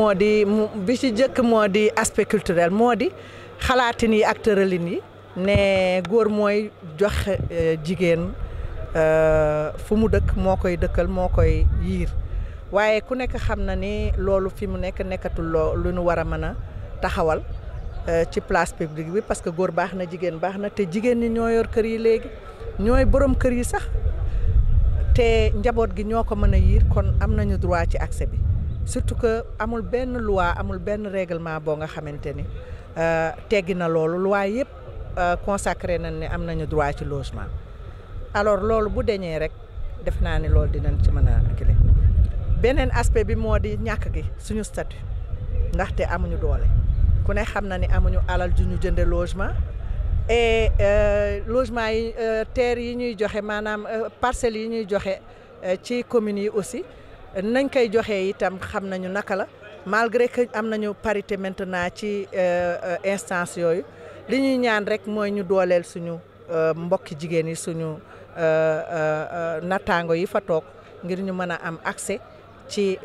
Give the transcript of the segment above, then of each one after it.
moo di bi ci njëkk moo di aspect culturel moo di xalaatin yi ak tëralin yi ne góor mooy jox euh, jigéen euh, fu mu dëkk moo koy dëkkal moo koy yiir waaye ku nekk xam na ni loolu fi mu nekk nekkatul loo lu ñu war a mën a taxawal euh, ci place publique bi parce que góor baax na jigéen baax na te jigéen ñi ñoo yor kër yi léegi ñooy borom kër yi sax te njaboot gi ñoo ko mën a yiir kon am nañu droit ci acce bi surtout que amul benn loi amul benn réglement boo nga xamante ni euh, teggi na loolu loi yëpp euh, consacré nañ ne am nañu droit ci logement alors loolu bu deñee rek def naa ni loolu dinañ ci mën a kile beneen aspect bi moo di ñàkk gi suñu statut ndaxte amuñu doole ku ne xam na ni amuñu alal ju ñu jënde logement e logement yi terre yi ñuy joxe maanaam parcelles yi ñuy joxe ci communes yi aussi nañ koy joxee itam xam nañu naka la malgré que am nañu parité maintenant ci euh, euh, instance yooyu li ñuy ñaan rek mooy ñu dooleel suñu euh, mbokki jigéen yi suñu nattaango yi fa toog ngir ñu mën a am accès ci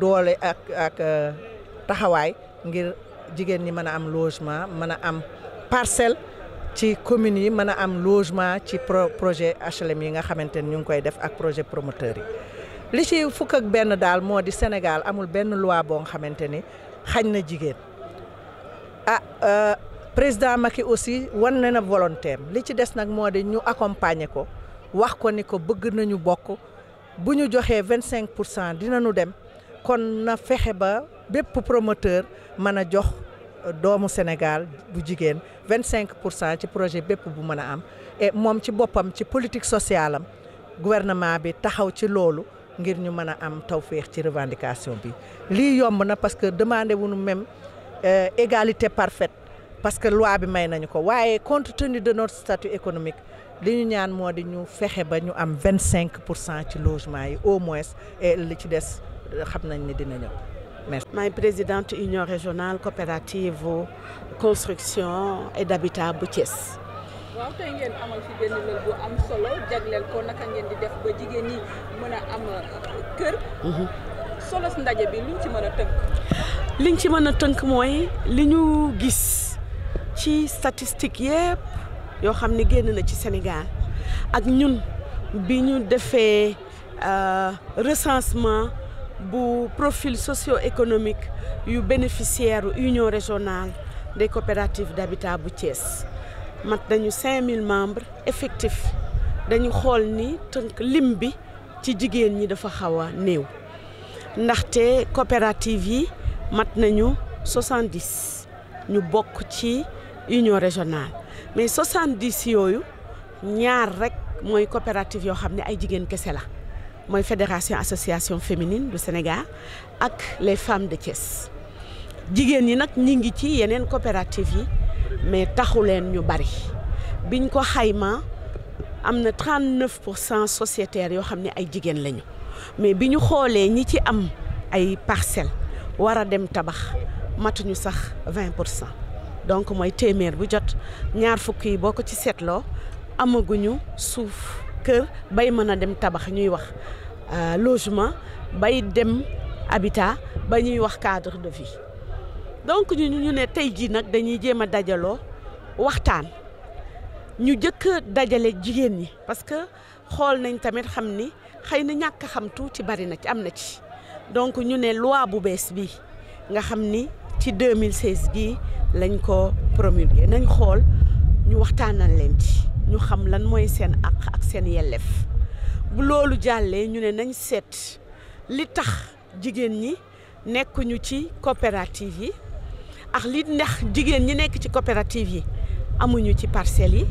doole ak ak taxawaay ngir jigéen ñi mën a am logement mën a am parcelle ci communes yi mën a am logement ci projet HLM yi nga xamante ni ñu ngi koy def ak projet promoteur yi li ci fukk ak benn daal moo di Sénégal amul benn loi boo xamante ni xañ na jigéen ah euh, président Macky aussi wan na na volonté li ci des nag moo di ñu accompagner ko wax ko ni ko bëgg nañu bokk bu ñu joxee vingt cinq pour cent dinañu dem kon na fexe ba bépp promoteur mën a jox euh, doomu Sénégal bu jigéen vingt cinq pour cent ci projet bépp bu mën a am moom ci boppam ci politique sociale am gouvernement bi taxaw ci loolu ngir ñu mën a am tawféex ci revendication bi lii yomb na parce que demandé wuñu même euh, égalité parfaite parce que loi bi may nañu ko waaye compte tenu de notre statut économique li ñu ñaan moo di ñu fexe ba ñu am vingt cinq pour cent ci logement yi au moins li ci des xam nañ ni dina ñëw mais maay présidente union régionale coopérative construction et d'habitat bu Thiès. waaw tey ngeen amal fi benn lël bu am solo jagleel ko naka ngeen di def ba jigéen ñi mën a am euh, kër. Mhm. solos ndaje bi liñ ci mën a tënk. liñ ci mën a tënk mooy li ñu gis ci statistique yépp yoo xam ni génn na ci Sénégal ak ñun bi ñu defee euh, recensement bu profil socio-économique yu bénéficiaire union régionale des coopératives d'habitat bu Thiès. mat nañu 5000 membres effectif dañu xool ni tënk lim bi ci jigéen ñi dafa xaw a néew ndaxte coopérative yi mat nañu 70 ñu bokk ci union régionale mais 70 yooyu ñaar rek mooy coopérative yoo xam ni ay jigéen kese la mooy fédération association féminine du Sénégal ak les femmes de Thiès jigéen ñi nag ñi ngi ci yeneen coopérative yi mais taxu leen ñu bari biñ ko xayma am na 39 pour cent sociétaires yoo xam ne ay jigéen lañu mais bi ñu xoolee ñi ci am ay parcelles war a dem tabax ñu sax 20 pour cent donc mooy téeméer bu jot ñaar fukk yi boo ko ci seetloo amaguñu suuf kër bay mën a dem tabax ñuy wax euh, logement bay dem habitat ba ñuy wax cadre de vie. donc ñu ñu ne tey jii nag dañuy jéem a dajaloo waxtaan ñu jëkk dajale jigéen ñi parce que xool nañ tamit xam ni xëy na ñàkk xam ci bari na ci am na ci donc ñu ne loi bu bees bi nga xam ni ci 2016 gii lañ ko promulgué nañ xool ñu waxtaanal leen ci ñu xam lan mooy seen àq ak seen yelleef bu loolu jàllee ñu ne nañ seet li tax jigéen ñi nekkuñu ci coopérative yi ak li ndax jigéen ñi nekk ci coopérative yi amuñu ci parcelles yi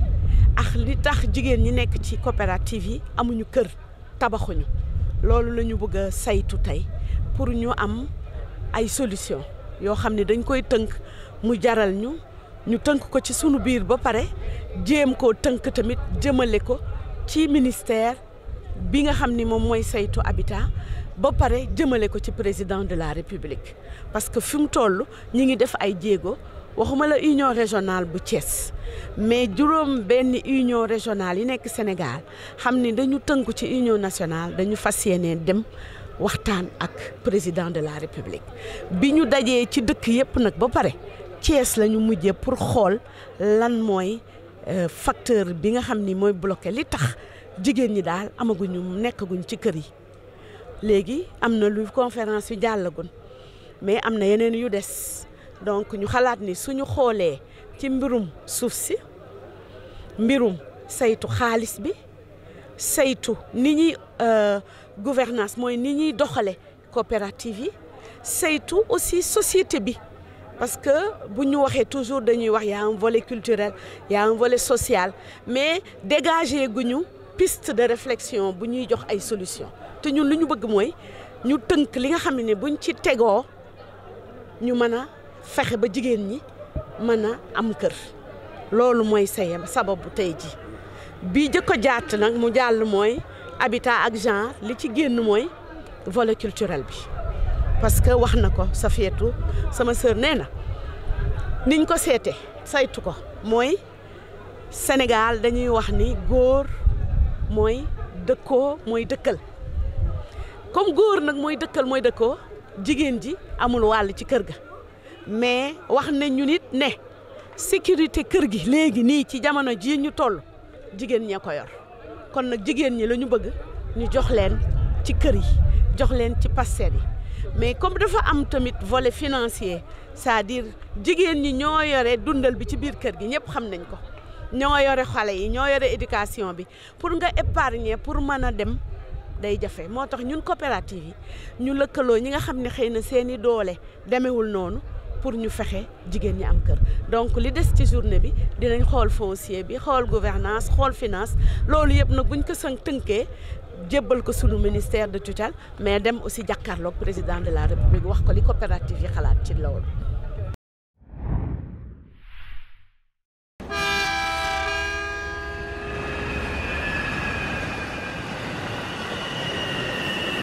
ak li tax jigéen ñi nekk ci coopérative yi amuñu kër tabaxuñu loolu la ñu bëgg saytu tey pour ñu am ay solution yoo xam ne dañ koy tënk mu jaral ñu ñu tënk ko ci sunu biir ba pare jéem koo tënk tamit jëmale ko ci ministère bi nga xam ni moom mooy saytu habitat ba pare jëmale ko ci président de la république parce que fi mu toll ñu ngi def ay jéego waxuma union régionale bu Thiès mais juróom benn union régionale yi nekk Sénégal xam ni dañu tënku ci union nationale dañu fas yéene dem waxtaan ak président de la république bi ñu dajee ci dëkk yépp nag ba pare Thiès la ñu mujjee pour xool lan mooy euh, facteur bi nga xam ni mooy bloqué li tax jigéen ñi daal amaguñu nekkaguñ ci kër yi léegi am na lu conférence yu jàllagun mais am na yeneen yu des donc ñu xalaat ni suñu xoolee ci mbirum suuf si mbirum saytu xaalis bi saytu ni ñuy euh, gouvernance mooy ni ñuy doxale coopérative yi saytu aussi société bi parce que bu ñu waxee toujours dañuy wax y en un volet culturel y a un volet social mais dégager guñu piste de réflexion bu ñuy jox ay solution te ñun lu ñu bëgg mooy ñu tënk li nga xam ne buñ ci tegoo ñu mën a fexe ba jigéen ñi mën a am kër loolu mooy saye sababu tey ji bi jëkko jaat nag mu jàll mooy habitat ak genre li ci génn mooy vole culturel bi parce que wax na ko sa feetu sama sœur nee na niñ ko seete saytu ko mooy Sénégal dañuy wax ni góor mooy dëkkoo mooy dëkkal comme góor nag mooy dëkkal mooy dëkkoo jigéen ji amul wàll ci kër gi mais wax nañu nit ne sécurité kër gi léegi nii ci jamono ji ñu toll jigéen ñee ko yor kon nag jigéen ñi la ñu bëgg ñu jox leen ci kër yi jox leen ci passer yi mais comme dafa am tamit vole financier cest à jigéen ñi ñoo yore dundal bi ci biir kër gi ñëpp xam nañ ko ñoo yore xale yi ñoo yore éducation bi pour nga épargner pour mën a dem day jafe moo tax ñun coopérative yi ñu lëkkaloo ñi nga xam ni xëy na seeni doole demewul noonu pour ñu fexe jigéen ñi am kër donc li des ci journée bi dinañ xool foncier bi xool gouvernance xool finance loolu yëpp nag buñ ko sën tënkee jébbal ko sunu ministère de tutelle mais dem aussi jàkkaarloog président de la république wax ko li copérative yi xalaat ci loolu